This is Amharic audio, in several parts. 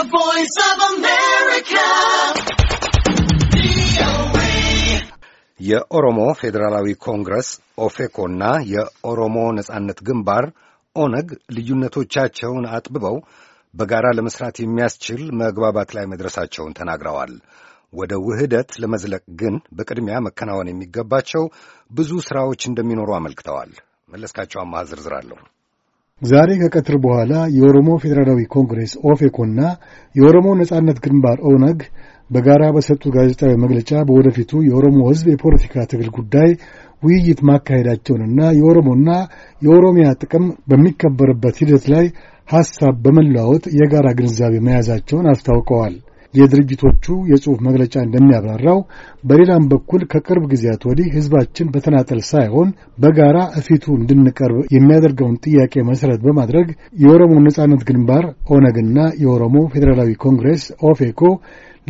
The Voice of America. የኦሮሞ ፌዴራላዊ ኮንግረስ ኦፌኮና የኦሮሞ ነጻነት ግንባር ኦነግ ልዩነቶቻቸውን አጥብበው በጋራ ለመስራት የሚያስችል መግባባት ላይ መድረሳቸውን ተናግረዋል። ወደ ውህደት ለመዝለቅ ግን በቅድሚያ መከናወን የሚገባቸው ብዙ ሥራዎች እንደሚኖሩ አመልክተዋል። መለስካቸው አማሃ ዝርዝር አለሁ። ዛሬ ከቀትር በኋላ የኦሮሞ ፌዴራላዊ ኮንግሬስ ኦፌኮና የኦሮሞ ነጻነት ግንባር ኦነግ በጋራ በሰጡት ጋዜጣዊ መግለጫ በወደፊቱ የኦሮሞ ሕዝብ የፖለቲካ ትግል ጉዳይ ውይይት ማካሄዳቸውንና የኦሮሞና የኦሮሚያ ጥቅም በሚከበርበት ሂደት ላይ ሐሳብ በመለዋወጥ የጋራ ግንዛቤ መያዛቸውን አስታውቀዋል። የድርጅቶቹ የጽሑፍ መግለጫ እንደሚያብራራው በሌላም በኩል ከቅርብ ጊዜያት ወዲህ ሕዝባችን በተናጠል ሳይሆን በጋራ እፊቱ እንድንቀርብ የሚያደርገውን ጥያቄ መሠረት በማድረግ የኦሮሞ ነጻነት ግንባር ኦነግና የኦሮሞ ፌዴራላዊ ኮንግሬስ ኦፌኮ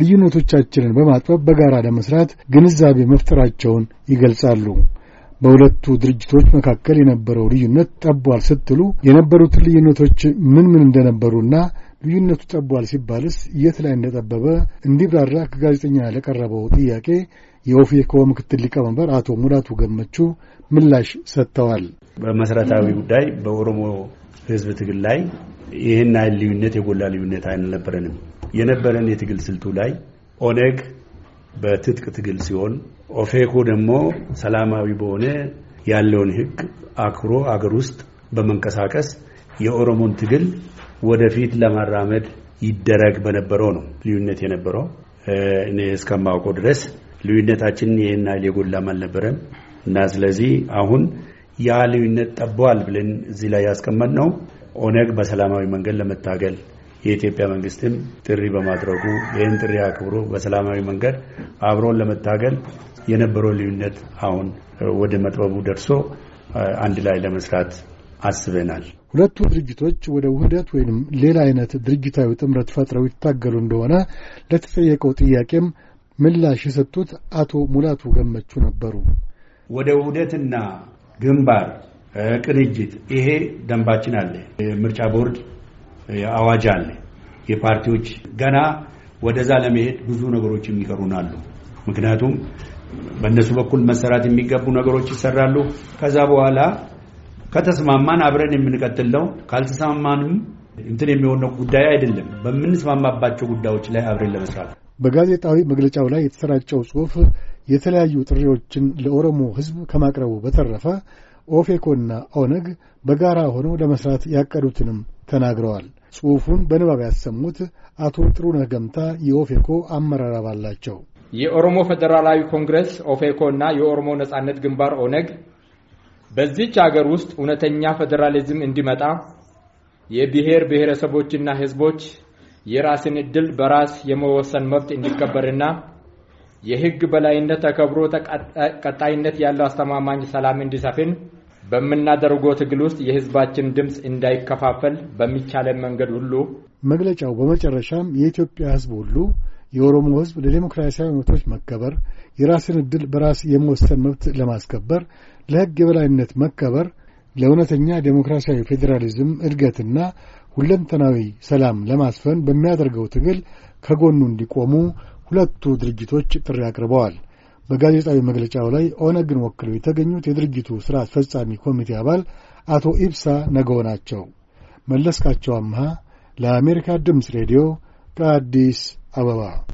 ልዩነቶቻችንን በማጥበብ በጋራ ለመስራት ግንዛቤ መፍጠራቸውን ይገልጻሉ። በሁለቱ ድርጅቶች መካከል የነበረው ልዩነት ጠቧል ስትሉ የነበሩትን ልዩነቶች ምን ምን እንደነበሩና ልዩነቱ ጠቧል ሲባልስ የት ላይ እንደጠበበ እንዲብራራ ከጋዜጠኛ ለቀረበው ጥያቄ የኦፌኮ ምክትል ሊቀመንበር አቶ ሙላቱ ገመቹ ምላሽ ሰጥተዋል። በመሰረታዊ ጉዳይ በኦሮሞ ህዝብ ትግል ላይ ይህን አይል ልዩነት የጎላ ልዩነት አልነበረንም። የነበረን የትግል ስልቱ ላይ ኦነግ በትጥቅ ትግል ሲሆን፣ ኦፌኮ ደግሞ ሰላማዊ በሆነ ያለውን ህግ አክብሮ አገር ውስጥ በመንቀሳቀስ የኦሮሞን ትግል ወደፊት ለማራመድ ይደረግ በነበረው ነው ልዩነት የነበረው። እኔ እስከማውቀው ድረስ ልዩነታችን ይህን ያህል የጎላም አልነበረም እና ስለዚህ አሁን ያ ልዩነት ጠበዋል ብለን እዚህ ላይ ያስቀመጥ ነው ኦነግ በሰላማዊ መንገድ ለመታገል የኢትዮጵያ መንግስትም ጥሪ በማድረጉ ይህን ጥሪ አክብሮ በሰላማዊ መንገድ አብሮን ለመታገል የነበረው ልዩነት አሁን ወደ መጥበቡ ደርሶ አንድ ላይ ለመስራት አስበናል። ሁለቱ ድርጅቶች ወደ ውህደት ወይም ሌላ አይነት ድርጅታዊ ጥምረት ፈጥረው ይታገሉ እንደሆነ ለተጠየቀው ጥያቄም ምላሽ የሰጡት አቶ ሙላቱ ገመቹ ነበሩ። ወደ ውህደትና ግንባር ቅንጅት፣ ይሄ ደንባችን አለ፣ የምርጫ ቦርድ አዋጅ አለ። የፓርቲዎች ገና ወደዛ ለመሄድ ብዙ ነገሮች የሚቀሩን አሉ። ምክንያቱም በእነሱ በኩል መሰራት የሚገቡ ነገሮች ይሰራሉ። ከዛ በኋላ ከተስማማን አብረን የምንቀጥል ነው። ካልተስማማንም እንትን የሚሆነው ጉዳይ አይደለም። በምንስማማባቸው ጉዳዮች ላይ አብረን ለመስራት በጋዜጣዊ መግለጫው ላይ የተሰራጨው ጽሑፍ የተለያዩ ጥሪዎችን ለኦሮሞ ሕዝብ ከማቅረቡ በተረፈ ኦፌኮና ኦነግ በጋራ ሆነው ለመስራት ያቀዱትንም ተናግረዋል። ጽሑፉን በንባብ ያሰሙት አቶ ጥሩነህ ገምታ የኦፌኮ አመራር አባል ናቸው። የኦሮሞ ፌዴራላዊ ኮንግረስ ኦፌኮ እና የኦሮሞ ነጻነት ግንባር ኦነግ በዚች አገር ውስጥ እውነተኛ ፌዴራሊዝም እንዲመጣ የብሔር ብሔረሰቦችና ህዝቦች የራስን እድል በራስ የመወሰን መብት እንዲከበርና የህግ በላይነት ተከብሮ ቀጣይነት ያለው አስተማማኝ ሰላም እንዲሰፍን በምናደርገው ትግል ውስጥ የህዝባችን ድምፅ እንዳይከፋፈል በሚቻለን መንገድ ሁሉ መግለጫው በመጨረሻም የኢትዮጵያ ህዝብ ሁሉ የኦሮሞ ሕዝብ ለዴሞክራሲያዊ መብቶች መከበር፣ የራስን ዕድል በራስ የመወሰን መብት ለማስከበር፣ ለሕግ የበላይነት መከበር፣ ለእውነተኛ ዴሞክራሲያዊ ፌዴራሊዝም እድገትና ሁለንተናዊ ሰላም ለማስፈን በሚያደርገው ትግል ከጎኑ እንዲቆሙ ሁለቱ ድርጅቶች ጥሪ አቅርበዋል። በጋዜጣዊ መግለጫው ላይ ኦነግን ወክለው የተገኙት የድርጅቱ ሥራ አስፈጻሚ ኮሚቴ አባል አቶ ኢብሳ ነገው ናቸው። መለስካቸው አምሃ ለአሜሪካ ድምፅ ሬዲዮ ከአዲስ Ababa